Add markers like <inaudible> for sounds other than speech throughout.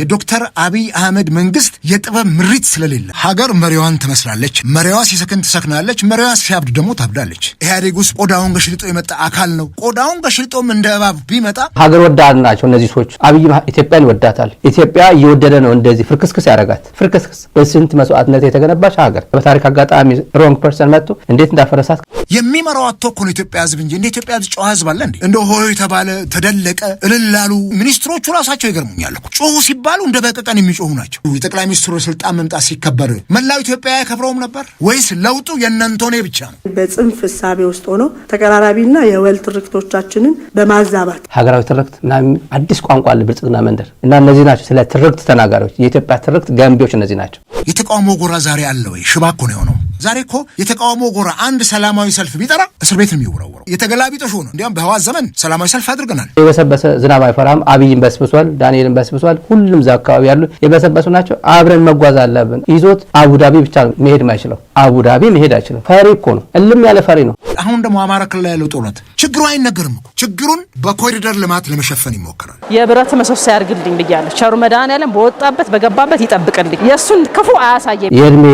የዶክተር አብይ አህመድ መንግስት የጥበብ ምሪት ስለሌለ ሀገር መሪዋን ትመስላለች። መሪዋ ሲሰክን ትሰክናለች። መሪዋ ሲያብድ ደግሞ ታብዳለች። ኢህአዴግ ውስጥ ቆዳውን ገሽልጦ የመጣ አካል ነው። ቆዳውን ገሽልጦም እንደ እባብ ቢመጣ ሀገር ወዳድ ናቸው እነዚህ ሰዎች። አብይ ኢትዮጵያን ይወዳታል። ኢትዮጵያ እየወደደ ነው እንደዚህ ፍርክስክስ ያደረጋት። ፍርክስክስ በስንት መስዋዕትነት የተገነባች ሀገር በታሪክ አጋጣሚ ሮንግ ፐርሰን መጥቶ እንዴት እንዳፈረሳት የሚመራው አቶ እኮ ነው ኢትዮጵያ ህዝብ እንጂ እንደ ኢትዮጵያ ህዝብ ጨዋ ህዝብ አለ እንዴ? እንደ ሆይ የተባለ ተደለቀ እልላሉ ሚኒስትሮቹ ራሳቸው ይገርሙኛል ሲባል ሲባሉ እንደ በቀቀን የሚጮሁ ናቸው። የጠቅላይ ሚኒስትሩ ስልጣን መምጣት ሲከበር መላው ኢትዮጵያ ያከብረውም ነበር ወይስ ለውጡ የእነንቶኔ ብቻ ነው? በጽንፍ እሳቤ ውስጥ ሆነው ተቀራራቢና የወል ትርክቶቻችንን በማዛባት ሀገራዊ ትርክት እና አዲስ ቋንቋ ብልጽግና መንደር እና እነዚህ ናቸው ስለ ትርክት ተናጋሪዎች የኢትዮጵያ ትርክት ገንቢዎች እነዚህ ናቸው። የተቃውሞ ጎራ ዛሬ አለ ወይ? ሽባ እኮ ነው የሆነው። ዛሬ እኮ የተቃውሞ ጎራ አንድ ሰላማዊ ሰልፍ ቢጠራ እስር ቤት ነው የሚወረወረው። የተገላቢጦሽ ሆነ። እንዲያውም በህዋት ዘመን ሰላማዊ ሰልፍ አድርገናል። የበሰበሰ ዝናብ አይፈራም። አብይን በስብሷል፣ ዳንኤልን በስብሷል። ሁሉ ሁሉም እዛ አካባቢ ያሉ የበሰበሱ ናቸው። አብረን መጓዝ አለብን። ይዞት አቡዳቢ ብቻ መሄድ ማይችለው አቡዳቢ መሄድ አይችልም። ፈሪ እኮ ነው፣ እልም ያለ ፈሪ ነው። አሁን ደግሞ አማራ ክልል ያለው ጦርነት ችግሩ አይነገርም እኮ ችግሩን በኮሪደር ልማት ለመሸፈን ይሞከራል። የብረት ምሰሶ ያርግልኝ ብያለሁ። ቸሩ መድኃኔዓለም በወጣበት በገባበት ይጠብቅልኝ፣ የእሱን ክፉ አያሳየ የእድሜ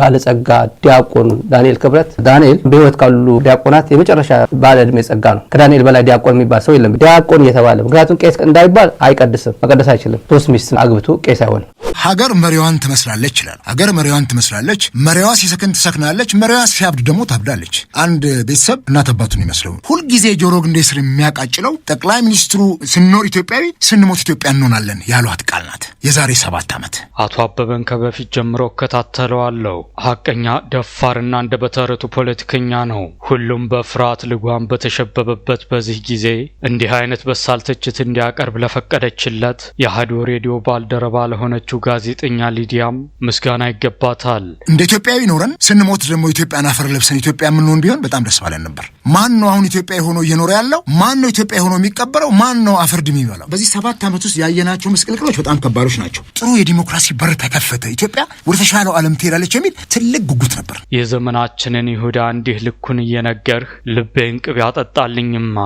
ባለጸጋ ዲያቆን ዳንኤል ክብረት ዳንኤል በህይወት ካሉ ዲያቆናት የመጨረሻ ባለ እድሜ ጸጋ ነው። ከዳንኤል በላይ ዲያቆን የሚባል ሰው የለም። ዲያቆን እየተባለ ምክንያቱም ቄስ እንዳይባል አይቀድስም፣ መቀደስ አይችልም። ሶስት ሚስት አግብቶ ቄስ አይሆንም። ሀገር መሪዋን ትመስላለች ይችላል። ሀገር መሪዋን ትመስላለች መሪዋ ሲሰክን ግን ትሰክናለች፣ መሪዋ ሲያብድ ደግሞ ታብዳለች። አንድ ቤተሰብ እናት አባቱን ይመስለው ሁልጊዜ ጆሮ ግንዴ ስር የሚያቃጭለው ጠቅላይ ሚኒስትሩ ስንኖር ኢትዮጵያዊ ስንሞት ኢትዮጵያ እንሆናለን ያሏት ቃል ናት። የዛሬ ሰባት ዓመት አቶ አበበን ከበፊት ጀምሮ እከታተለዋለሁ። ሀቀኛ ደፋርና እንደ በተረቱ ፖለቲከኛ ነው። ሁሉም በፍርሃት ልጓም በተሸበበበት በዚህ ጊዜ እንዲህ አይነት በሳል ትችት እንዲያቀርብ ለፈቀደችለት የአህዶ ሬዲዮ ባልደረባ ለሆነችው ጋዜጠኛ ሊዲያም ምስጋና ይገባታል። እንደ ኢትዮጵያዊ ኖረን ስንሞት ደግሞ ኢትዮጵያን አፈር ለብሰን ኢትዮጵያ የምንሆን ቢሆን በጣም ደስ ባለን ነበር። ማን ነው አሁን ኢትዮጵያ የሆነው እየኖረ ያለው? ማን ነው ኢትዮጵያ የሆነው የሚቀበለው? ማን ነው አፈርድ የሚበላው? በዚህ ሰባት ዓመት ውስጥ ያየናቸው ምስቅልቅሎች በጣም ከባዶች ናቸው። ጥሩ የዲሞክራሲ በር ተከፈተ፣ ኢትዮጵያ ወደ ተሻለው ዓለም ትሄዳለች የሚል ትልቅ ጉጉት ነበር። የዘመናችንን ይሁዳ እንዲህ ልኩን እየነገርህ ልቤን ቅቤ አጠጣልኝማ።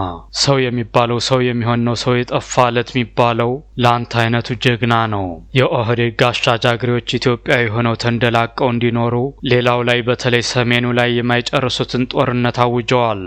ሰው የሚባለው ሰው የሚሆን ነው። ሰው የጠፋለት የሚባለው ለአንተ አይነቱ ጀግና ነው። የኦህዴድ ጋሻ ጃግሬዎች ኢትዮጵያ የሆነው ተንደላቀው እንዲኖሩ ሌላው ላይ በተለይ ሰሜኑ ላይ የማይጨርሱትን ጦርነት አውጀዋል።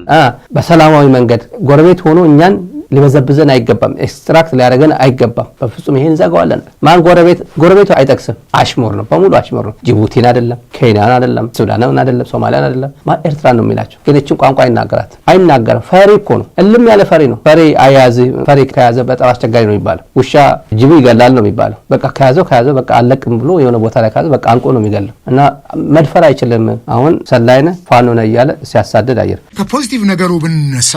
በሰላማዊ መንገድ ጎረቤት ሆኖ እኛን ሊበዘብዘን አይገባም። ኤክስትራክት ሊያደረገን አይገባም። በፍጹም ይሄን እንዘጋዋለን። ማን ጎረቤት ጎረቤቱ አይጠቅስም። አሽሙር ነው፣ በሙሉ አሽሙር ነው። ጅቡቲን አደለም፣ ኬንያን አደለም፣ ሱዳንን አደለም፣ ሶማሊያን አደለም፣ ኤርትራ ነው የሚላቸው። ግን ቋንቋ አይናገራት አይናገርም። ፈሪ እኮ ነው፣ እልም ያለ ፈሪ ነው። ፈሪ አያዝ ፈሪ ከያዘ በጣም አስቸጋሪ ነው የሚባለው። ውሻ ጅቡ ይገላል ነው የሚባለው። በቃ ከያዘው ከያዘው በቃ አለቅም ብሎ የሆነ ቦታ ላይ ከያዘው በቃ አንቆ ነው የሚገለው እና መድፈር አይችልም። አሁን ሰላይነ ፋኖነ እያለ ሲያሳድድ አየር ከፖዚቲቭ ነገሩ ብንነሳ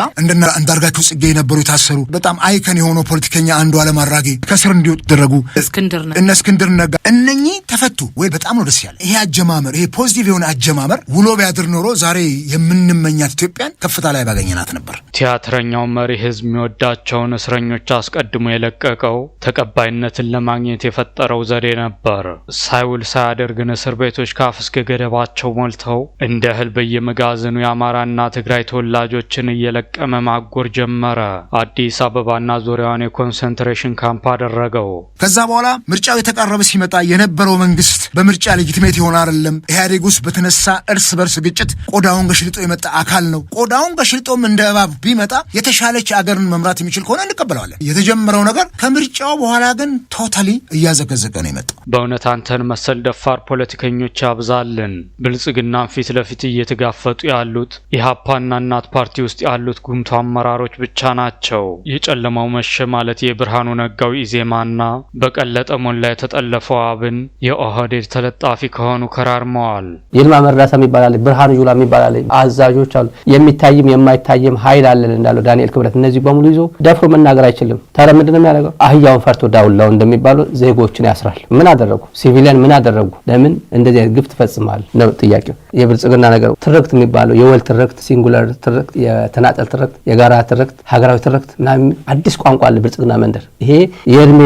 እንዳርጋቸው ጽጌ የነበሩ የመሳሰሉ በጣም አይከን የሆነው ፖለቲከኛ አንዱ አለም አራጌ ከስር እንዲወጡ ደረጉ። እነ እስክንድር ነጋ እነኚህ ተፈቱ ወይ? በጣም ነው ደስ ያለ። ይሄ አጀማመር፣ ይሄ ፖዚቲቭ የሆነ አጀማመር ውሎ ቢያድር ኖሮ ዛሬ የምንመኛት ኢትዮጵያን ከፍታ ላይ ባገኘናት ነበር። ቲያትረኛው መሪ ህዝብ የሚወዳቸውን እስረኞች አስቀድሞ የለቀቀው ተቀባይነትን ለማግኘት የፈጠረው ዘዴ ነበር። ሳይውል ሳያደርግን እስር ቤቶች ካፍ እስከ ገደባቸው ሞልተው እንደ እህል በየመጋዘኑ የአማራና ትግራይ ተወላጆችን እየለቀመ ማጎር ጀመረ። አዲስ አበባና ዙሪያዋን የኮንሰንትሬሽን ካምፕ አደረገው። ከዛ በኋላ ምርጫው የተቃረበ ሲመጣ የነበረው መንግስት በምርጫ ሌጂትሜት የሆነ አይደለም። ኢህአዴግ ውስጥ በተነሳ እርስ በርስ ግጭት ቆዳውን ገሽልጦ የመጣ አካል ነው። ቆዳውን ገሽልጦም እንደ እባብ ቢመጣ የተሻለች አገርን መምራት የሚችል ከሆነ እንቀበለዋለን። የተጀመረው ነገር ከምርጫው በኋላ ግን ቶታሊ እያዘገዘገ ነው የመጣው። በእውነት አንተን መሰል ደፋር ፖለቲከኞች ያብዛልን። ብልጽግናን ፊት ለፊት እየተጋፈጡ ያሉት ኢህአፓና እናት ፓርቲ ውስጥ ያሉት ጉምቱ አመራሮች ብቻ ናቸው። የጨለማው መሸ ማለት የብርሃኑ ነጋው ኢዜማና በቀለጠ ሞላ የተጠለፈው አብን የኦህዴ በካድሬ ተለጣፊ ከሆኑ ከራርመዋል። ይልማ መርዳሳ የሚባል ብርሃኑ ጁላ የሚባል አዛዦች አሉ። የሚታይም የማይታይም ኃይል አለን እንዳለው ዳንኤል ክብረት እነዚህ በሙሉ ይዞ ደፍሮ መናገር አይችልም። ታዲያ ምንድነው የሚያደርገው? አህያውን ፈርቶ ዳውላው እንደሚባሉ ዜጎችን ያስራል። ምን አደረጉ? ሲቪሊያን ምን አደረጉ? ለምን እንደዚህ አይነት ግፍ ትፈጽማል ነው ጥያቄው። የብልጽግና ነገር ትርክት የሚባለው የወል ትርክት፣ ሲንጉለር ትርክት፣ የተናጠል ትርክት፣ የጋራ ትርክት፣ ሀገራዊ ትርክት ምናምን አዲስ ቋንቋ አለ ብልጽግና መንደር። ይሄ የእድሜ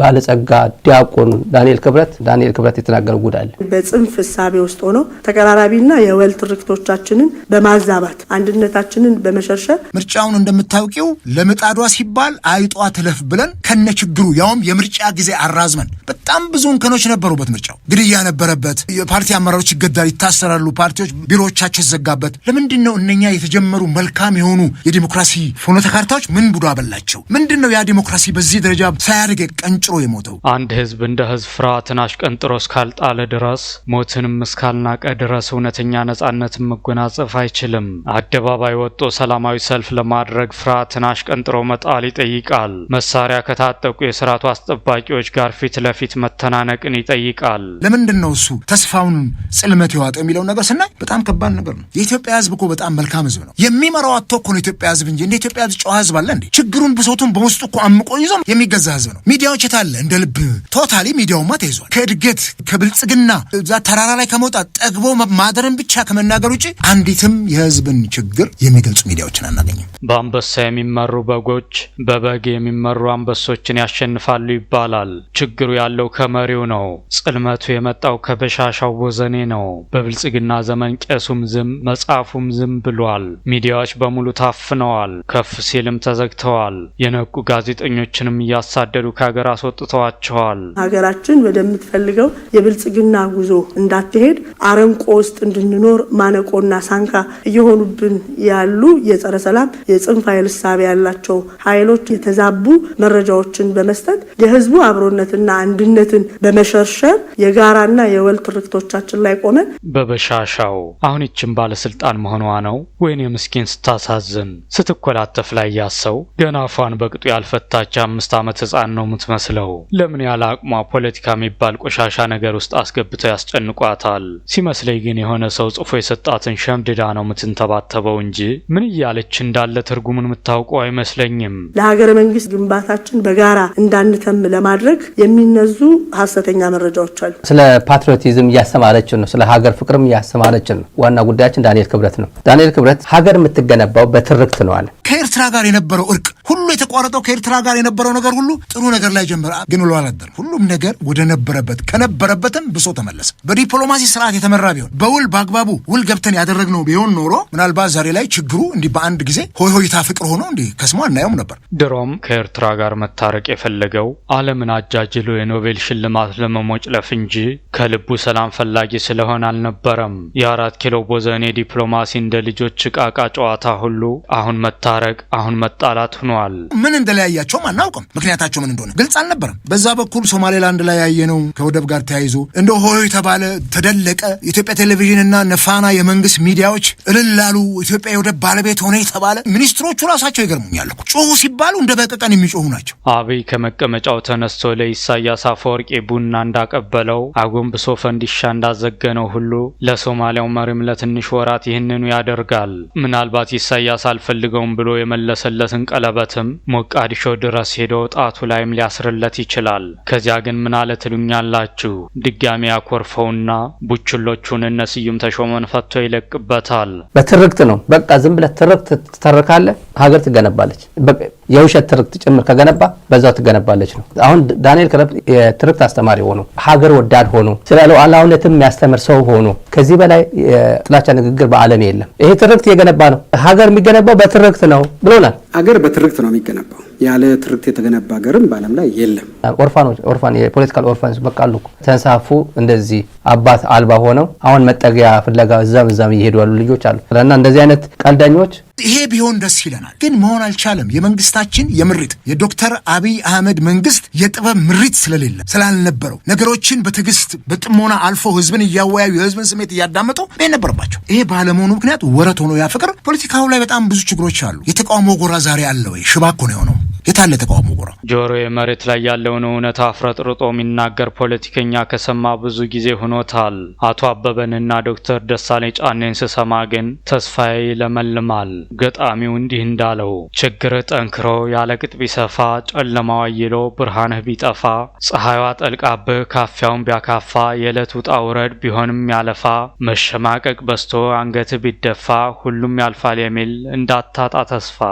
ባለጸጋ ዲያቆን ዳንኤል ክብረት ዳንኤል ክብረት የሚያሸጋግረው ጉዳል በጽንፍ እሳቤ ውስጥ ሆኖ ተቀራራቢና የወል ትርክቶቻችንን በማዛባት አንድነታችንን በመሸርሸር ምርጫውን እንደምታውቂው ለምጣዷ ሲባል አይጧ ትለፍ ብለን ከነ ችግሩ ያውም የምርጫ ጊዜ አራዝመን በጣም ብዙ እንከኖች ነበሩበት። ምርጫው ግድያ ነበረበት። የፓርቲ አመራሮች ይገዳል፣ ይታሰራሉ፣ ፓርቲዎች ቢሮዎቻቸው ይዘጋበት። ለምንድን ነው እነኛ የተጀመሩ መልካም የሆኑ የዲሞክራሲ ፍኖተ ካርታዎች ምን ቡዶ በላቸው? ምንድን ነው ያ ዲሞክራሲ በዚህ ደረጃ ሳያድግ ቀንጭሮ የሞተው? አንድ ህዝብ እንደ ህዝብ ፍርሃትን አሽቀንጥሮ እስካልጣለ ድረስ ሞትንም እስካልናቀ ድረስ እውነተኛ ነጻነትን መጎናጸፍ አይችልም። አደባባይ ወጥቶ ሰላማዊ ሰልፍ ለማድረግ ፍርሃትን አሽቀንጥሮ መጣል ይጠይቃል። መሳሪያ ከታጠቁ የስርዓቱ አስጠባቂዎች ጋር ፊት ለፊት መተናነቅን ይጠይቃል። ለምንድን ነው እሱ ተስፋውን ጽልመት የዋጠው የሚለውን ነገር ስናይ በጣም ከባድ ነገር ነው። የኢትዮጵያ ህዝብ እኮ በጣም መልካም ህዝብ ነው። የሚመራው አቶ እኮ ነው ኢትዮጵያ ህዝብ እንጂ እንደ ኢትዮጵያ ህዝብ ጨዋ ህዝብ አለ እንዴ? ችግሩን ብሶቱን በውስጡ እኮ አምቆ ይዞ የሚገዛ ህዝብ ነው። ሚዲያዎች የታለ እንደ ልብ ቶታሊ ሚዲያውማ ተይዟል ከእድገት ከብልጽግና እዛ ተራራ ላይ ከመውጣት ጠግቦ ማደርን ብቻ ከመናገር ውጭ አንዲትም የህዝብን ችግር የሚገልጹ ሚዲያዎችን አናገኝም። በአንበሳ የሚመሩ በጎች በበግ የሚመሩ አንበሶችን ያሸንፋሉ ይባላል። ችግሩ ያለው ከመሪው ነው። ጽልመቱ የመጣው ከበሻሻው ወዘኔ ነው። በብልጽግና ዘመን ቄሱም ዝም መጽሐፉም ዝም ብሏል። ሚዲያዎች በሙሉ ታፍነዋል፣ ከፍ ሲልም ተዘግተዋል። የነቁ ጋዜጠኞችንም እያሳደዱ ከሀገር አስወጥተዋቸዋል። ሀገራችን ወደምትፈልገው የብልጽግና ጉዞ እንዳትሄድ አረንቆ ውስጥ እንድንኖር ማነቆና ሳንካ እየሆኑብን ያሉ የጸረ ሰላም የጽንፍ ኃይል ሳቢ ያላቸው ኃይሎች የተዛቡ መረጃዎችን በመስጠት የህዝቡ አብሮነትና አንድነትን በመሸርሸር የጋራና የወል ትርክቶቻችን ላይ ቆመን በበሻሻው አሁን ይችን ባለስልጣን መሆኗ ነው። ወይን የምስኪን ስታሳዝን ስትኮላተፍ ላይ ያሰው ገና አፏን በቅጡ ያልፈታች አምስት ዓመት ህፃን ነው የምትመስለው። ለምን ያለ አቅሟ ፖለቲካ የሚባል ቆሻሻ ነገር ውስጥ አስገብተው ያስጨንቋታል። ሲመስለኝ ግን የሆነ ሰው ጽፎ የሰጣትን ሸምድዳ ነው የምትንተባተበው እንጂ ምን እያለች እንዳለ ትርጉሙን የምታውቀው አይመስለኝም። ለሀገረ መንግስት ግንባታችን በጋራ እንዳንተም ለማድረግ የሚነዙ ሀሰተኛ መረጃዎች አሉ። ስለ ፓትሪዮቲዝም እያስተማረችን ነው። ስለ ሀገር ፍቅርም እያስተማረችን ነው። ዋና ጉዳያችን ዳንኤል ክብረት ነው። ዳንኤል ክብረት ሀገር የምትገነባው በትርክት ነው አለ። ከኤርትራ ጋር የነበረው እርቅ ሁሉ የተቋረጠው ከኤርትራ ጋር የነበረው ነገር ሁሉ ጥሩ ነገር ላይ ጀመረ፣ ግን ውሎ አላደረ። ሁሉም ነገር ወደ ነበረበት ከነበረበትም ብሶ ተመለሰ። በዲፕሎማሲ ስርዓት የተመራ ቢሆን በውል በአግባቡ ውል ገብተን ያደረግነው ቢሆን ኖሮ ምናልባት ዛሬ ላይ ችግሩ እንዲህ በአንድ ጊዜ ሆይ ሆይታ ፍቅር ሆኖ እንዲህ ከስሞ አናየውም ነበር። ድሮም ከኤርትራ ጋር መታረቅ የፈለገው ዓለምን አጃጅሎ የኖቤል ሽልማት ለመሞጭለፍ እንጂ ከልቡ ሰላም ፈላጊ ስለሆነ አልነበረም። የአራት ኪሎ ቦዘኔ ዲፕሎማሲ እንደ ልጆች ዕቃ ዕቃ ጨዋታ ሁሉ አሁን መታ መታረቅ አሁን መጣላት ሆኗል። ምን እንደለያያቸውም አናውቅም። ምክንያታቸው ምን እንደሆነ ግልጽ አልነበረም። በዛ በኩል ሶማሌላንድ ላይ ያየነው ከወደብ ጋር ተያይዞ እንደ ሆዮ የተባለ ተደለቀ። የኢትዮጵያ ቴሌቪዥንና ነፋና የመንግስት ሚዲያዎች እልላሉ። ኢትዮጵያ የወደብ ባለቤት ሆነ የተባለ ሚኒስትሮቹ ራሳቸው ይገርሙኛል። ጮሁ ሲባሉ እንደ በቀቀን የሚጮሁ ናቸው። አብይ ከመቀመጫው ተነስቶ ለኢሳያስ አፈወርቂ ቡና እንዳቀበለው አጎንብሶ ፈንዲሻ እንዳዘገነው ሁሉ ለሶማሊያው መሪም ለትንሽ ወራት ይህንኑ ያደርጋል። ምናልባት ኢሳያስ አልፈልገውም ብሎ ብሎ የመለሰለትን ቀለበትም ሞቃዲሾ ድረስ ሄዶ ጣቱ ላይም ሊያስርለት ይችላል። ከዚያ ግን ምን አለ ትሉኛላችሁ? ድጋሚ ያኮርፈውና ቡችሎቹን እነስዩም ተሾመን ፈቶ ይለቅበታል። በትርክት ነው። በቃ ዝም ብለህ ትርክት ትተርካለህ፣ ሀገር ትገነባለች። የውሸት ትርክት ጭምር ከገነባ በዛው ትገነባለች ነው። አሁን ዳንኤል ክረብ የትርክት አስተማሪ ሆኖ ሀገር ወዳድ ሆኖ ስለ ሉዓላዊነትም የሚያስተምር ሰው ሆኖ ከዚህ በላይ የጥላቻ ንግግር በዓለም የለም። ይሄ ትርክት የገነባ ነው። ሀገር የሚገነባው በትርክት ነው ብሎናል። አገር በትርክት ነው የሚገነባው። ያለ ትርክት የተገነባ ሀገርም በዓለም ላይ የለም። ኦርፋኖች ኦርፋን የፖለቲካል በቃሉ ተንሳፉ። እንደዚህ አባት አልባ ሆነው አሁን መጠጊያ ፍለጋ እዛም እዛም እየሄዱ ያሉ ልጆች አሉ እና እንደዚህ አይነት ቀልዳኞች ይሄ ቢሆን ደስ ይለናል፣ ግን መሆን አልቻለም። የመንግስታችን የምሪት የዶክተር አብይ አህመድ መንግስት የጥበብ ምሪት ስለሌለ ስላልነበረው ነገሮችን በትዕግስት በጥሞና አልፎ ህዝብን እያወያዩ የህዝብን ስሜት እያዳመጠው ነበርባቸው ይሄ ባለመሆኑ ምክንያት ወረት ሆኖ ያ ፍቅር ፖለቲካው ላይ በጣም ብዙ ችግሮች አሉ። የተቃውሞ ጎራ ዛሬ አለ ወይ? ሽባ እኮ ነው የሆነው። የታለ ተቃውሞ ጎራ? ጆሮ መሬት ላይ ያለውን እውነት አፍረጥርጦ የሚናገር ፖለቲከኛ ከሰማ ብዙ ጊዜ ሆኖታል። አቶ አበበንና ዶክተር ደሳለኝ ጫኔን ስሰማ ግን ተስፋዬ ይለመልማል። ገጣሚው እንዲህ እንዳለው ችግርህ ጠንክሮ ያለቅጥ ቢሰፋ፣ ጨለማዋ ይሎ ብርሃንህ ቢጠፋ፣ ፀሐይዋ ጠልቃብህ ካፊያውን ቢያካፋ፣ የዕለት ውጣ ውረድ ቢሆንም ያለፋ፣ መሸማቀቅ በስቶ አንገትህ ቢደፋ፣ ሁሉም ያልፋል የሚል እንዳታጣ ተስፋ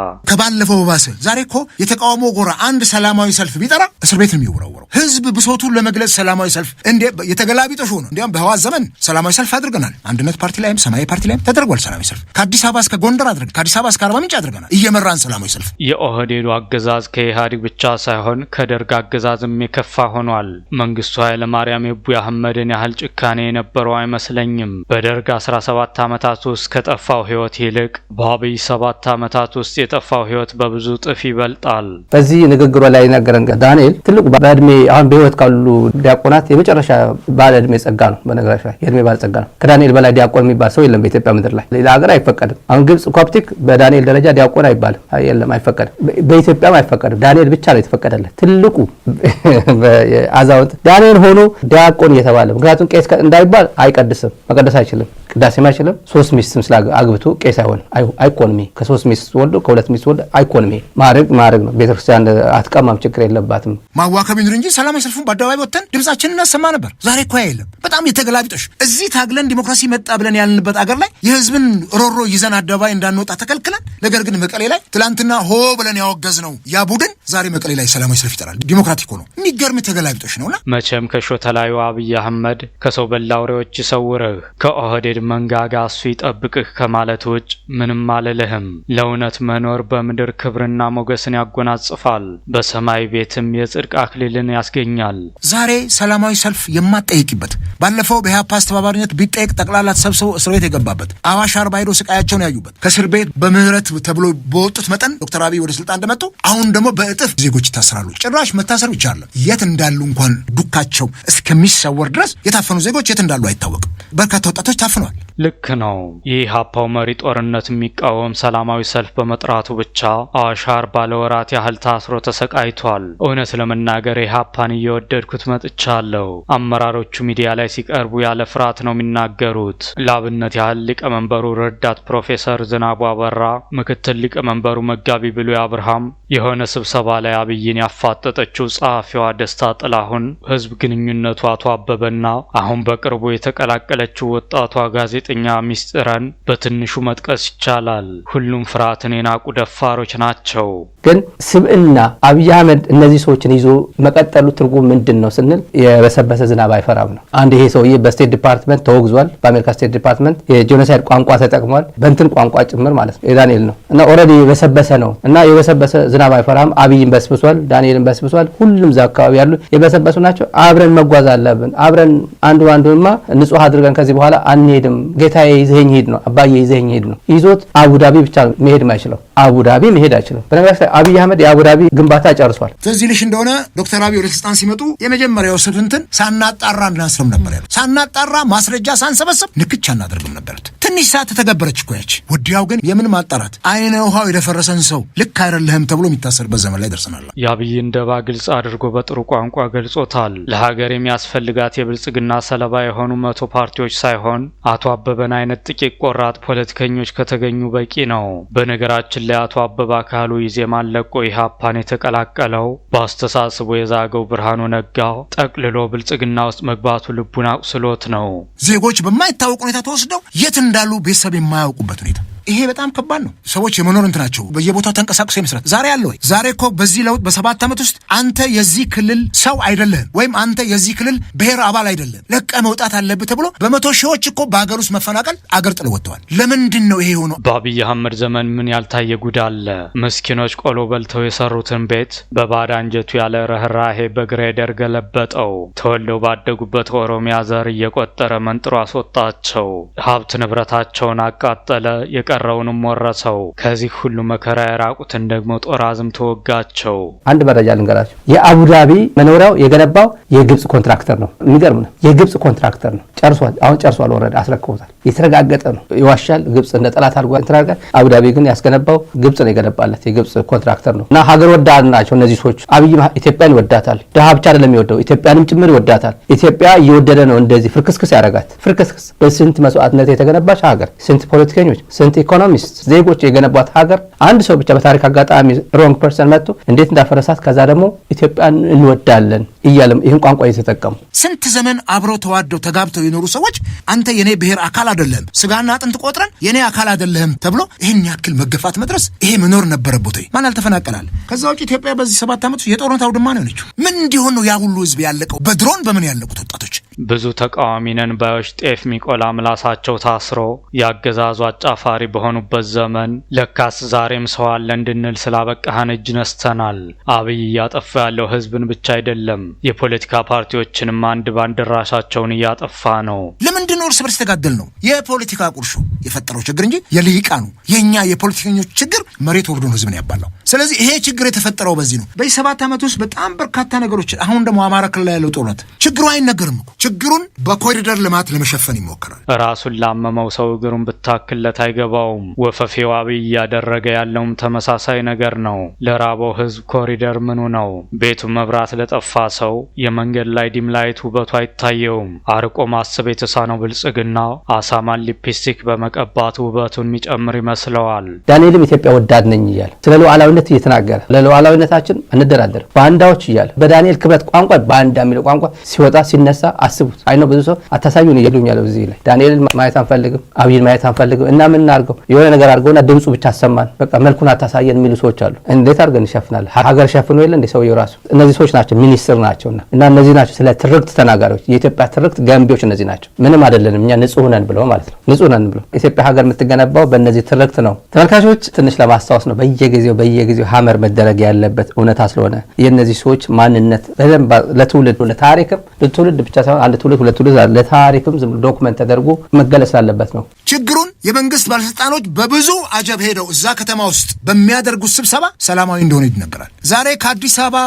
ባለፈው በባሰ ዛሬ እኮ የተቃውሞ ጎራ አንድ ሰላማዊ ሰልፍ ቢጠራ እስር ቤት ነው የሚወረወረው። ህዝብ ብሶቱን ለመግለጽ ሰላማዊ ሰልፍ እንዴ የተገላቢጦሽ ሆነ። እንዲያውም በህዋት ዘመን ሰላማዊ ሰልፍ አድርገናል። አንድነት ፓርቲ ላይም ሰማያዊ ፓርቲ ላይም ተደርጓል ሰላማዊ ሰልፍ። ከአዲስ አበባ እስከ ጎንደር አድርገን ከአዲስ አበባ እስከ አርባ ምንጭ አድርገናል። እየመራን ሰላማዊ ሰልፍ። የኦህዴዱ አገዛዝ ከኢህአዴግ ብቻ ሳይሆን ከደርግ አገዛዝም የከፋ ሆኗል። መንግስቱ ኃይለማርያም የቡ አህመድን ያህል ጭካኔ የነበረው አይመስለኝም። በደርግ 17 ዓመታት ውስጥ ከጠፋው ህይወት ይልቅ በአብይ ሰባት ዓመታት ውስጥ የጠፋው ህይወት በብዙ ጥፍ ይበልጣል። በዚህ ንግግሯ ላይ ነገረን ዳንኤል ትልቁ በእድሜ አሁን በህይወት ካሉ ዲያቆናት የመጨረሻ ባለ እድሜ ጸጋ ነው። በነገራችን ላይ የእድሜ ባለ ጸጋ ነው። ከዳንኤል በላይ ዲያቆን የሚባል ሰው የለም በኢትዮጵያ ምድር ላይ ሌላ ሀገር አይፈቀድም። አሁን ግብጽ ኮፕቲክ በዳንኤል ደረጃ ዲያቆን አይባልም፣ የለም፣ አይፈቀድም። በኢትዮጵያም አይፈቀድም። ዳንኤል ብቻ ነው የተፈቀደለት ትልቁ <laughs> አዛውንት ዳንኤል ሆኖ ዲያቆን እየተባለ ምክንያቱም ቄስ እንዳይባል አይቀድስም፣ መቀደስ አይችልም። ቅዳሴም አይችልም። ሶስት ሚስትም ስለ አግብቶ ቄስ አይሆን አይኮንሚ ከሶስት ሚስት ወልዶ ከሁለት ሚስት ወልዶ አይኮንሚ ማድረግ ማድረግ ነው። ቤተክርስቲያን አትቀማም፣ ችግር የለባትም። ማዋከብ ይኑር እንጂ ሰላማዊ ሰልፉን በአደባባይ ወጥተን ድምጻችንን እናሰማ ነበር። ዛሬ እኮ የለም። በጣም የተገላቢጦሽ እዚህ ታግለን ዲሞክራሲ መጣ ብለን ያልንበት አገር ላይ የህዝብን ሮሮ ይዘን አደባባይ እንዳንወጣ ተከልክለን፣ ነገር ግን መቀሌ ላይ ትላንትና ሆ ብለን ያወገዝ ነው ያ ቡድን ዛሬ መቀሌ ላይ ሰላማዊ ሰልፍ ይጠራል። ዲሞክራቲክ ሆኖ የሚገርም ተገላቢጦሽ ነውና መቼም ከሾተላዩ አብይ አህመድ ከሰው በላ አውሬዎች ይሰውርህ ከኦህዴድ መንጋጋ እሱ ይጠብቅህ ከማለት ውጭ ምንም አልልህም። ለእውነት መኖር በምድር ክብርና ሞገስን ያጎናጽፋል፣ በሰማይ ቤትም የጽድቅ አክሊልን ያስገኛል። ዛሬ ሰላማዊ ሰልፍ የማጠይቅበት ባለፈው በኢህአፓ አስተባባሪነት ቢጠየቅ ጠቅላላ ተሰብስቦ እስር ቤት የገባበት አዋሽ አርባ ሄዶ ስቃያቸውን ያዩበት ከእስር ቤት በምህረት ተብሎ በወጡት መጠን ዶክተር አብይ ወደ ስልጣን እንደመጡ አሁን ደግሞ በእጥፍ ዜጎች ይታሰራሉ ጭራሽ መታሰር ብቻ አለ የት እንዳሉ እንኳን ዱካቸው እስከሚሰወር ድረስ የታፈኑ ዜጎች የት እንዳሉ አይታወቅም። በርካታ ወጣቶች ታፍኗል። ይሆናል። ልክ ነው። የኢህአፓው መሪ ጦርነት የሚቃወም ሰላማዊ ሰልፍ በመጥራቱ ብቻ አዋሻር ባለወራት ያህል ታስሮ ተሰቃይቷል። እውነት ለመናገር የሀፓን እየወደድኩት መጥቻለሁ። አመራሮቹ ሚዲያ ላይ ሲቀርቡ ያለ ፍርሃት ነው የሚናገሩት። ላብነት ያህል ሊቀመንበሩ ረዳት ፕሮፌሰር ዝናቡ አበራ፣ ምክትል ሊቀመንበሩ መጋቢ ብሉይ አብርሃም፣ የሆነ ስብሰባ ላይ አብይን ያፋጠጠችው ጸሐፊዋ ደስታ ጥላሁን፣ ህዝብ ግንኙነቱ አቶ አበበና አሁን በቅርቡ የተቀላቀለችው ወጣቷ ጋር ጋዜጠኛ ሚስጥርን በትንሹ መጥቀስ ይቻላል። ሁሉም ፍርሃትን የናቁ ደፋሮች ናቸው። ግን ስብዕና አብይ አህመድ እነዚህ ሰዎችን ይዞ መቀጠሉ ትርጉም ምንድን ነው ስንል የበሰበሰ ዝናብ አይፈራም ነው። አንድ ይሄ ሰውዬ በስቴት ዲፓርትመንት ተወግዟል። በአሜሪካ ስቴት ዲፓርትመንት የጄኖሳይድ ቋንቋ ተጠቅሟል። በንትን ቋንቋ ጭምር ማለት ነው። የዳንኤል ነው እና ኦልሬዲ የበሰበሰ ነው እና የበሰበሰ ዝናብ አይፈራም። አብይን በስብሷል፣ ዳንኤልን በስብሷል። ሁሉም ዛ አካባቢ ያሉ የበሰበሱ ናቸው። አብረን መጓዝ አለብን። አብረን አንዱ አንዱንማ ንጹህ አድርገን ከዚህ በኋላ አንሄድ አልሄድም ጌታዬ ይዘኝ ሄድ ነው አባዬ ይዘኝ ሄድ ነው ይዞት አቡዳቢ ብቻ መሄድ ማይችለው አቡዳቢ መሄድ አይችልም። በነገራችን ላይ አብይ አህመድ የአቡዳቢ ግንባታ ጨርሷል። ትዝ ይልሽ እንደሆነ ዶክተር አብይ ወደ ስልጣን ሲመጡ የመጀመሪያው ስብንትን ሳናጣራ እንድናስርም ነበር ያሉ። ሳናጣራ ማስረጃ ሳንሰበሰብ ንክች አናደርግም ነበረት። ትንሽ ሰዓት ተተገበረች ኮያች ወዲያው ግን የምን ማጣራት አይነ ውሃው የደፈረሰን ሰው ልክ አይደለህም ተብሎ የሚታሰርበት ዘመን ላይ ደርሰናል። የአብይ እንደባ ግልጽ አድርጎ በጥሩ ቋንቋ ገልጾታል። ለሀገር የሚያስፈልጋት የብልጽግና ሰለባ የሆኑ መቶ ፓርቲዎች ሳይሆን አ አቶ አበበን አይነት ጥቂት ቆራጥ ፖለቲከኞች ከተገኙ በቂ ነው። በነገራችን ላይ አቶ አበበ አካሉ ኢዜማን ለቆ ኢህአፓን የተቀላቀለው በአስተሳስቦ የዛገው ብርሃኑ ነጋው ጠቅልሎ ብልጽግና ውስጥ መግባቱ ልቡን አቁስሎት ነው። ዜጎች በማይታወቅ ሁኔታ ተወስደው የት እንዳሉ ቤተሰብ የማያውቁበት ሁኔታ ይሄ በጣም ከባድ ነው። ሰዎች የመኖር እንትናቸው በየቦታው ተንቀሳቅሶ የመስራት ዛሬ አለ ወይ? ዛሬ እኮ በዚህ ለውጥ በሰባት ዓመት ውስጥ አንተ የዚህ ክልል ሰው አይደለህም ወይም አንተ የዚህ ክልል ብሔር አባል አይደለህም ለቀ መውጣት አለብህ ተብሎ በመቶ ሺዎች እኮ በሀገር ውስጥ መፈናቀል አገር ጥለው ወጥተዋል። ለምንድን ነው ይሄ የሆነ በአብይ አህመድ ዘመን ምን ያልታየ ጉድ አለ? ምስኪኖች ቆሎ በልተው የሰሩትን ቤት በባዳ አንጀቱ ያለ ረህራሄ በግሬደር ገለበጠው። ተወልደው ባደጉበት ኦሮሚያ ዘር እየቆጠረ መንጥሮ አስወጣቸው። ሀብት ንብረታቸውን አቃጠለ። የቀረውንም ወረሰው። ከዚህ ሁሉ መከራ የራቁትን ደግሞ ጦር አዝም ተወጋቸው። አንድ መረጃ ልንገራቸው። የአቡዳቢ መኖሪያው የገነባው የግብፅ ኮንትራክተር ነው። የሚገርም ነው። የግብፅ ኮንትራክተር ነው። ጨርሷል። አሁን ጨርሷል። ወረደ አስረክቦታል። የተረጋገጠ ነው። ይዋሻል። ግብፅ እንደ ጠላት አድርጓ እንትን አቡዳቢ ግን ያስገነባው ግብፅ ነው የገነባለት የግብፅ ኮንትራክተር ነው። እና ሀገር ወዳድ ናቸው እነዚህ ሰዎች። አብይ ኢትዮጵያን ይወዳታል። ድሃ ብቻ አይደለም የሚወደው ኢትዮጵያንም ጭምር ይወዳታል። ኢትዮጵያ እየወደደ ነው እንደዚህ ፍርክስክስ ያደረጋት ፍርክስክስ በስንት መስዋዕትነት የተገነባች ሀገር፣ ስንት ፖለቲከኞች፣ ስንት ኢኮኖሚስት ዜጎች የገነቧት ሀገር አንድ ሰው ብቻ በታሪክ አጋጣሚ ሮንግ ፐርሰን መጥቶ እንዴት እንዳፈረሳት ከዛ ደግሞ ኢትዮጵያን እንወዳለን እያለም ይህን ቋንቋ እየተጠቀሙ ስንት ዘመን አብረው ተዋደው ተጋብተው የኖሩ ሰዎች አንተ የኔ ብሔር አካል አደለህም፣ ስጋና አጥንት ቆጥረን የኔ አካል አደለህም ተብሎ ይህን ያክል መገፋት መድረስ ይሄ መኖር ነበረበት። ማን አልተፈናቀላል? ከዛ ውጭ ኢትዮጵያ በዚህ ሰባት ዓመት የጦርነት አውድማ ነው የሆነችው። ምን እንዲሆን ነው ያ ሁሉ ህዝብ ያለቀው? በድሮን በምን ያለቁት ወጣቶች ብዙ ተቃዋሚ ነን ባዮች ጤፍ ሚቆላ ምላሳቸው ታስሮ የአገዛዙ አጫፋሪ በሆኑበት ዘመን ለካስ ዛሬም ሰው አለ እንድንል ስላበቃህን እጅ ነስተናል። አብይ እያጠፋ ያለው ህዝብን ብቻ አይደለም፣ የፖለቲካ ፓርቲዎችንም አንድ ባንድ ራሻቸውን እያጠፋ ነው። ለምንድን ነው እርስ በርስ ተጋደል ነው? የፖለቲካ ቁርሾ የፈጠረው ችግር እንጂ የልሂቃኑ የእኛ የፖለቲከኞች ችግር መሬት ወርዶን ህዝብን ያባላው ስለዚህ ይሄ ችግር የተፈጠረው በዚህ ነው። በዚህ ሰባት ዓመት ውስጥ በጣም በርካታ ነገሮች አሁን ደግሞ አማራ ክልል ያለው ጦርነት ችግሩ አይነገርም ችግሩን በኮሪደር ልማት ለመሸፈን ይሞክራል። ራሱን ላመመው ሰው እግሩን ብታክለት አይገባውም። ወፈፌው አብይ እያደረገ ያለውም ተመሳሳይ ነገር ነው። ለራበው ህዝብ ኮሪደር ምኑ ነው? ቤቱ መብራት ለጠፋ ሰው የመንገድ ላይ ዲም ላይት ውበቱ አይታየውም። አርቆ ማሰብ የተሳነው ብልጽግና አሳማን ሊፕስቲክ በመቀባት ውበቱን የሚጨምር ይመስለዋል። ዳንኤልም ኢትዮጵያ ወዳድ ነኝ እያለ ስለ ሉዓላዊነት በግልጽነት እየተናገረ ለሉዓላዊነታችን አንደራደርም ባንዳዎች እያለ በዳንኤል ክብረት ቋንቋ ባንዳ የሚለው ቋንቋ ሲወጣ ሲነሳ አስቡት። አይ ነው ብዙ ሰው ነው አታሳዩን ያለው እዚህ ላይ ዳንኤልን ማየት አንፈልግም፣ አብይን ማየት አንፈልግም እና ምን እናርገው? የሆነ ነገር አድርገውና ድምፁ ብቻ አሰማን፣ በቃ መልኩን አታሳየን የሚሉ ሰዎች አሉ። እንዴት አድርገን ይሸፍናል? ሀገር ሸፍኖ የለ እንደ ሰውየው ራሱ እነዚህ ሰዎች ናቸው ሚኒስትር ናቸውና እና እነዚህ ናቸው ስለ ትርክት ተናጋሪዎች የኢትዮጵያ ትርክት ገንቢዎች እነዚህ ናቸው። ምንም አይደለንም እኛ ንጹህ ነን ብለው ማለት ነው። ንጹህ ነን ብለው ኢትዮጵያ ሀገር የምትገነባው በእነዚህ ትርክት ነው። ተመልካቾች ትንሽ ለማስታወስ ነው በየጊዜው በየ በየጊዜው ሀመር መደረግ ያለበት እውነታ ስለሆነ የእነዚህ ሰዎች ማንነት በደንብ ለትውልድ ለታሪክም ለትውልድ ብቻ ሳይሆን አንድ ትውልድ ሁለት ትውልድ ለታሪክም ዶክመንት ተደርጎ መገለጽ ስላለበት ነው። ችግሩን የመንግስት ባለስልጣኖች በብዙ አጀብ ሄደው እዛ ከተማ ውስጥ በሚያደርጉት ስብሰባ ሰላማዊ እንደሆነ ይነገራል። ዛሬ ከአዲስ አበባ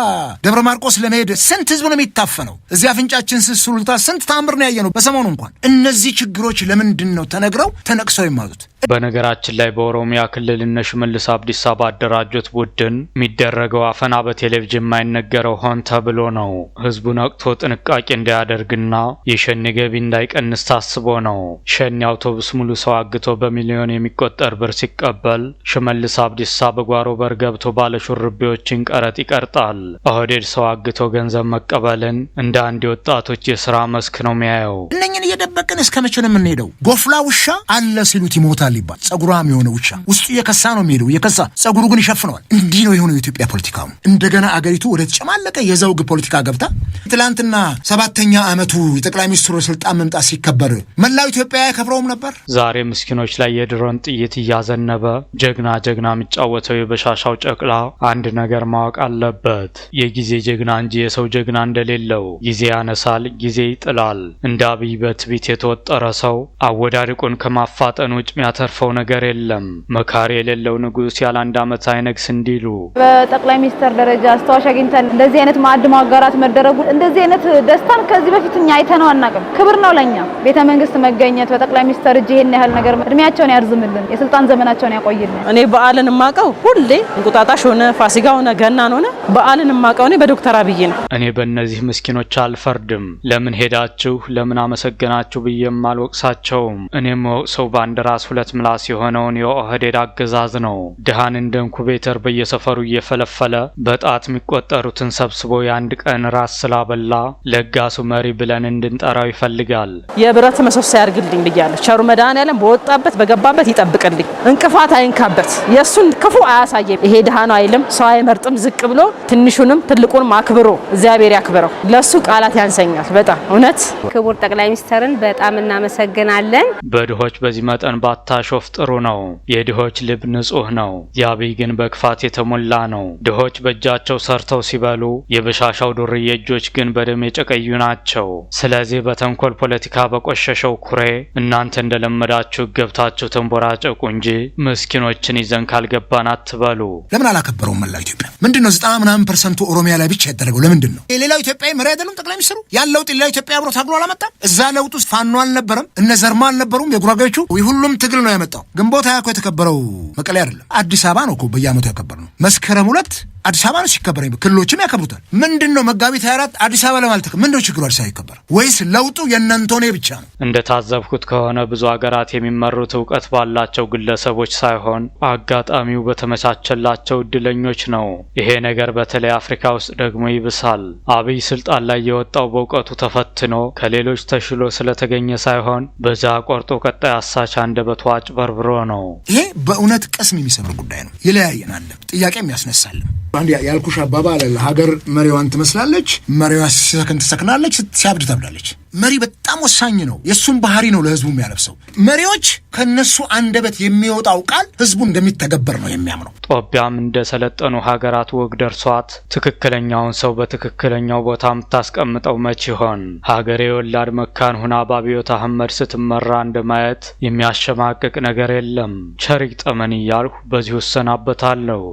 ደብረ ማርቆስ ለመሄድ ስንት ህዝብ ነው የሚታፈነው? እዚያ አፍንጫችን ስስሉታ ስንት ታምር ነው ያየነው በሰሞኑ እንኳን። እነዚህ ችግሮች ለምንድን ነው ተነግረው ተነቅሰው የማሉት? በነገራችን ላይ በኦሮሚያ ክልል እነ ሽመልስ አብዲሳ ባደራጁት ቡድን የሚደረገው አፈና በቴሌቪዥን የማይነገረው ሆን ተብሎ ነው። ህዝቡን ነቅቶ ጥንቃቄ እንዳያደርግና የሸኔ ገቢ እንዳይቀንስ ታስቦ ነው። ሸኔ አውቶቡስ ሙሉ ሰው አግቶ በሚሊዮን የሚቆጠር ብር ሲቀበል፣ ሽመልስ አብዲሳ በጓሮ በር ገብቶ ባለሹርቤዎችን ቀረጥ ይቀርጣል። ኦህዴድ ሰው አግቶ ገንዘብ መቀበልን እንደ አንድ የወጣቶች የስራ መስክ ነው የሚያየው። እነኝን እየደበቅን እስከ መቼ ነው የምንሄደው? ጎፍላ ውሻ አለ ሲሉት ይሞታል። ይከሳል ይባል። የሆነ ውሻ ውስጡ የከሳ ነው የሚሄደው፣ የከሳ ጸጉሩ ግን ይሸፍነዋል። እንዲህ ነው የሆነው የኢትዮጵያ ፖለቲካ። እንደገና አገሪቱ ወደ ተጨማለቀ የዘውግ ፖለቲካ ገብታ ትላንትና ሰባተኛ ዓመቱ የጠቅላይ ሚኒስትሩ ስልጣን መምጣት ሲከበር መላው ኢትዮጵያ ያከብረውም ነበር። ዛሬ ምስኪኖች ላይ የድሮን ጥይት እያዘነበ ጀግና ጀግና የሚጫወተው የበሻሻው ጨቅላ አንድ ነገር ማወቅ አለበት። የጊዜ ጀግና እንጂ የሰው ጀግና እንደሌለው ጊዜ ያነሳል፣ ጊዜ ይጥላል። እንደ አብይ በትቢት የተወጠረ ሰው አወዳድቁን ከማፋጠን ውጭ ሚያ የሚያተርፈው ነገር የለም። መካሪ የሌለው ንጉስ ያለ አንድ ዓመት አይነግስ እንዲሉ በጠቅላይ ሚኒስትር ደረጃ አስታዋሽ አግኝተን እንደዚህ አይነት ማዕድ ማጋራት መደረጉ እንደዚህ አይነት ደስታን ከዚህ በፊት እኛ አይተነው አናውቅም። ክብር ነው ለእኛ ቤተ መንግስት መገኘት በጠቅላይ ሚኒስትር እጅ ይሄን ያህል ነገር እድሜያቸውን ያርዝምልን፣ የስልጣን ዘመናቸውን ያቆይልን። እኔ በዓልን የማውቀው ሁሌ እንቁጣጣሽ ሆነ ፋሲካ ሆነ ገናን ሆነ በዓልን የማውቀው እኔ በዶክተር አብይ ነው። እኔ በእነዚህ ምስኪኖች አልፈርድም። ለምን ሄዳችሁ ለምን አመሰገናችሁ ብዬም አልወቅሳቸውም። እኔም ወቅሰው በአንድ ራስ ሁለት ምላስ የሆነውን የኦህዴድ አገዛዝ ነው። ድሃን እንደ ኢንኩቤተር በየሰፈሩ እየፈለፈለ በጣት የሚቆጠሩትን ሰብስቦ የአንድ ቀን ራስ ስላበላ ለጋሱ መሪ ብለን እንድንጠራው ይፈልጋል። የብረት ምሰሶ ያርግልኝ ብያለሁ። ቸሩ መድኃኔዓለም በወጣበት በገባበት ይጠብቅልኝ፣ እንቅፋት አይንካበት፣ የእሱን ክፉ አያሳየም። ይሄ ድሃ ነው አይልም፣ ሰው አይመርጥም ዝቅ ብሎ ትንሹንም ትልቁንም አክብሮ እግዚአብሔር ያክብረው። ለሱ ቃላት ያንሰኛል። በጣም እውነት ክቡር ጠቅላይ ሚኒስትርን በጣም እናመሰግናለን። በድሆች በዚህ መጠን ባታሾፍ ጥሩ ነው። የድሆች ልብ ንጹህ ነው። የአብይ ግን በክፋት የተሞላ ነው። ድሆች በእጃቸው ሰርተው ሲበሉ፣ የበሻሻው ዱርዬ እጆች ግን በደም የጨቀዩ ናቸው። ስለዚህ በተንኮል ፖለቲካ በቆሸሸው ኩሬ እናንተ እንደለመዳችሁ ገብታችሁ ተንቦራጨቁ እንጂ ምስኪኖችን ይዘን ካልገባን አትበሉ። ለምን አላከበረውም? መላ ኢትዮጵያ ምንድን ነው ምናምን ፐርሰንቱ ኦሮሚያ ላይ ብቻ ያደረገው ለምንድን ነው? የሌላው ኢትዮጵያዊ መሪ አይደለም ጠቅላይ ሚኒስትሩ? ያን ለውጥ ሌላው ኢትዮጵያ አብሮ ታግሎ አላመጣም? እዛ ለውጥ ውስጥ ፋኖ አልነበረም፣ እነ ዘርማ አልነበሩም። የጉራጌዎቹ ሁሉም ትግል ነው ያመጣው። ግንቦት ሃያ እኮ የተከበረው መቀሌ አይደለም አዲስ አበባ ነው እኮ በየዓመቱ ያከበር ነው መስከረም ሁለት አዲስ አበባ ነው ሲከበር፣ ክልሎችም ያከብሩታል። ምንድን ነው መጋቢት 24 አዲስ አበባ ለማለት ምንድነው ችግሩ? አዲስ አበባ ይከበር ወይስ ለውጡ የእናንተኔ ብቻ ነው? እንደታዘብኩት ከሆነ ብዙ ሀገራት የሚመሩት እውቀት ባላቸው ግለሰቦች ሳይሆን አጋጣሚው በተመቻቸላቸው እድለኞች ነው። ይሄ ነገር በተለይ አፍሪካ ውስጥ ደግሞ ይብሳል። አብይ ስልጣን ላይ የወጣው በእውቀቱ ተፈትኖ ከሌሎች ተሽሎ ስለተገኘ ሳይሆን በዛ ቆርጦ ቀጣይ አሳች አንደበቱ አጭበርብሮ ነው። ይሄ በእውነት ቅስም የሚሰብር ጉዳይ ነው። ይለያየናለን፣ ጥያቄ ያስነሳለን። ያልኩሽ አባባል አለ ሀገር መሪዋን ትመስላለች፣ መሪዋ ሲሰክን ትሰክናለች፣ ሲያብድ ታብዳለች። መሪ በጣም ወሳኝ ነው። የእሱን ባህሪ ነው ለህዝቡ የሚያለብሰው። መሪዎች ከእነሱ አንደበት የሚወጣው ቃል ህዝቡ እንደሚተገበር ነው የሚያምነው። ጦቢያም እንደ ሰለጠኑ ሀገራት ወግ ደርሷት ትክክለኛውን ሰው በትክክለኛው ቦታ የምታስቀምጠው መች ይሆን? ሀገር የወላድ መካን ሁና በአብዮት አህመድ ስትመራ እንደማየት የሚያሸማቅቅ ነገር የለም። ቸሪክ ጠመን እያልሁ በዚሁ እሰናበታለሁ።